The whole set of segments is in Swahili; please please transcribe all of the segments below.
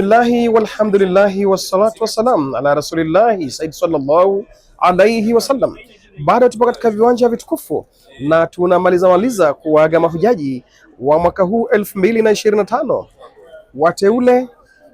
Alhamdulillahi walhamdulillahi wassalatu wassalam ala rasulillahi sayyid sallallahu alaihi wasallam. Bado tupo katika viwanja vitukufu na tunamaliza maliza kuwaaga mahujaji wa mwaka huu elfu na wateule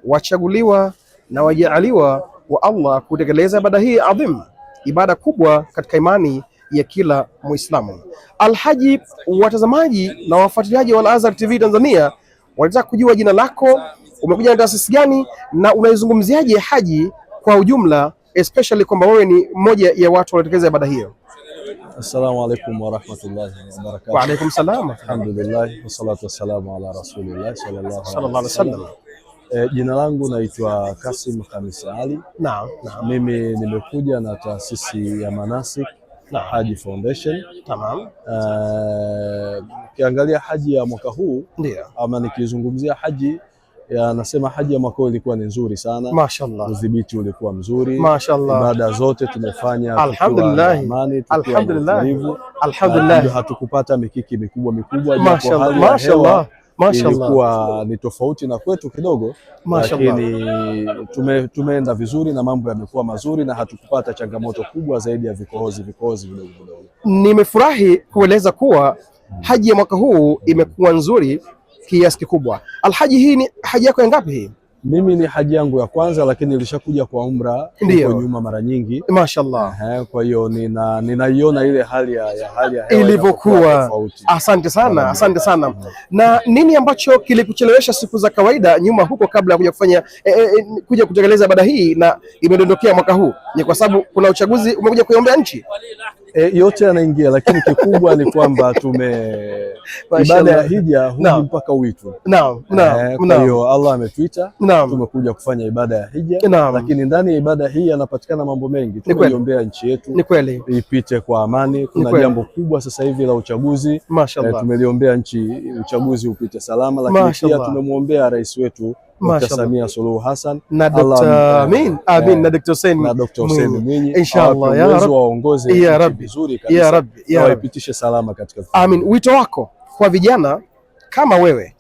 wachaguliwa na wajaaliwa wa Allah kutekeleza ibada hii adhim, ibada kubwa katika imani ya kila Muislamu. Alhaji, watazamaji na wafuatiliaji wa Al Azhar TV Tanzania, wanataka kujua jina lako umekuja na taasisi gani na unaizungumziaje haji kwa ujumla, especially kwamba wewe ni mmoja ya watu wanaotekeleza ibada hiyo? Assalamu alaikum warahmatullahi wabarakatuh. Wa alaikum salam. Alhamdulillah wassalatu wassalamu ala rasulillah sallallahu alaihi wasallam. E, jina langu naitwa Kasim Khamisi Ali. Naam, naam. Mimi nimekuja na taasisi ya Manasik na Haji Foundation. Tamam. Eh, kiangalia haji ya mwaka huu ndio, ama nikizungumzia haji nasema haji ya mwaka ilikuwa ni nzuri sana mashaallah, udhibiti ulikuwa mzuri mashaallah, ibada zote tumefanya alhamdulillah, alhamdulillah, alhamdulillah, hatukupata mikiki mikubwa mikubwa, japo hali ilikuwa ni tofauti na kwetu kidogo, lakini tume, tumeenda vizuri na mambo yamekuwa mazuri na hatukupata changamoto kubwa zaidi ya vikohozi vikohozi vidogo vidogo. Nimefurahi kueleza kuwa hmm. haji ya mwaka huu imekuwa nzuri kiasi kikubwa. Alhaji, hii ni haji yako ya ngapi hii? Mimi ni haji yangu ya kwanza, lakini nilishakuja kwa umra huko nyuma mara nyingi. Mashaallah. Eh, kwa hiyo nina ninaiona ile hali ya, ya hali ya ilivyokuwa. Asante sana, asante sana. Na nini ambacho kilikuchelewesha siku za kawaida nyuma huko kabla ya kuja kufanya e, e, kuja kutekeleza ibada hii na imedondokea mwaka huu? Ni kwa sababu kuna uchaguzi umekuja kuiombea nchi? E, yote yanaingia, lakini kikubwa ni kwamba tume ibada ya hija huji mpaka uitwe no. Eh, kwa hiyo Allah ametuita tumekuja kufanya ibada ya hija no. lakini ndani ya ibada hii yanapatikana mambo mengi. Tumeiombea nchi yetu ipite kwa amani. Kuna jambo kubwa sasa hivi la uchaguzi e, tumeliombea nchi uchaguzi upite salama, lakini pia tumemwombea rais wetu Dr. Samia Suluhu Hassan na amin amin na Dr. Hussein na Dr. Hussein Mwinyi, inshallah ya Rabbi waongoze ya Rabbi vizuri kabisa ya Rabbi ya Rabbi waipitishe salama katika amin. Wito wako kwa vijana kama wewe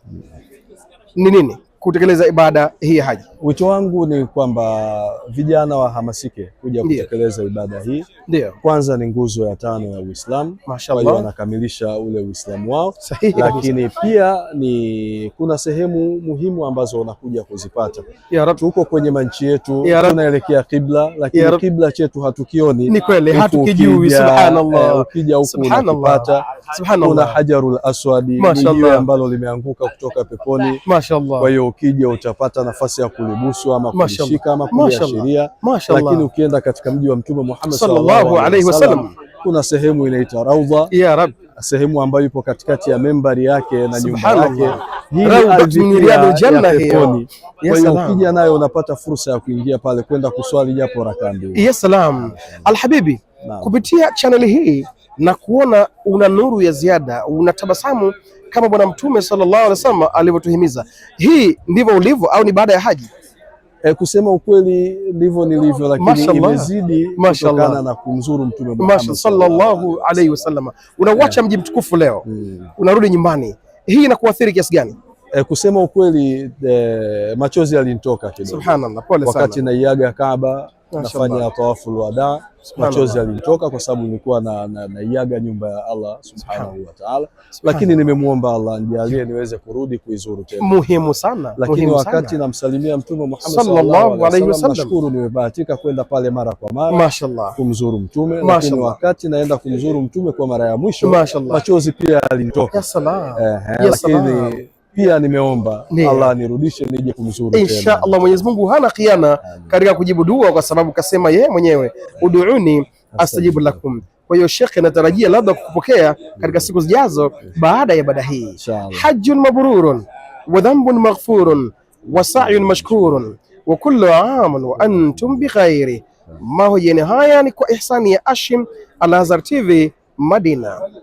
ni nini kutekeleza ibada hii ya haji? Wito wangu ni kwamba vijana wahamasike kuja kutekeleza ibada hii. Ndio kwanza ni nguzo ya tano ya Uislamu, mashallah wanakamilisha ule Uislamu wao sahihi, lakini pia ni kuna sehemu muhimu ambazo wanakuja kuzipata. Ya tuko kwenye manchi yetu tunaelekea kibla, lakini kibla chetu hatukioni, ni kweli hatukijui. Subhanallah, eh, ukija huku unapata kuna hajarul aswadi ambalo limeanguka kutoka peponi, mashallah. Kwa hiyo ukija utapata nafasi ya ku kuliguswa ama kulishika ama kuliashiria, lakini ukienda katika mji wa Mtume Muhammad sallallahu alaihi wasallam kuna sehemu inaitwa Raudha ya Rab, sehemu ambayo ipo katikati ya membari yake na nyumba yake peponi. Kwa hiyo ukija nayo unapata fursa ya kuingia pale kwenda kuswali japo rakaa mbili. Ya salam Alhabibi, kupitia chaneli hii na kuona una nuru ya ziada, una tabasamu kama Bwana Mtume sallallahu alaihi wasallam alivyotuhimiza. Hii ndivyo ulivyo au ni baada ya haji? E, kusema ukweli ndivyo nilivyo, lakini imezidi kutokana na kumzuru Mtume Muhammad sallallahu alaihi wasallam. Unauacha mji mtukufu leo, hmm, unarudi nyumbani, hii inakuathiri kiasi gani? E, kusema ukweli e, machozi yalinitoka kidogo, subhanallah, pole sana, wakati naiaga Kaaba nafanya tawafu wada, machozi yalinitoka kwa sababu nilikuwa na, na, nyumba ya Allah subhanahu wa ta'ala, lakini nimemuomba Allah nijalie niweze kurudi kuizuru tena. Muhimu sana lakini muhimu wakati sana. namsalimia Mtume Muhammad sallallahu alaihi wasallam, nashukuru nimebahatika kwenda pale mara kwa mara Mashallah. kumzuru Mtume, lakini wakati naenda kumzuru Mtume kwa mara ya mwisho Mashallah. machozi pia yalinitoka, lakini pia nimeomba Allah nirudishe nije kumzuru tena. Insha Allah, Mwenyezi Mungu hana kiana katika kujibu dua, kwa sababu kasema yeye mwenyewe uduuni astajibu lakum. Kwa hiyo shekhe, natarajia labda kukupokea katika siku zijazo baada ya ibada hii. Hajjun mabrurun wa dhanbun maghfurun wa sa'yun mashkurun wa kullu amun wa antum khairi. Mahojeni haya ni kwa ihsani ya Ashim Al Azhar TV Madina.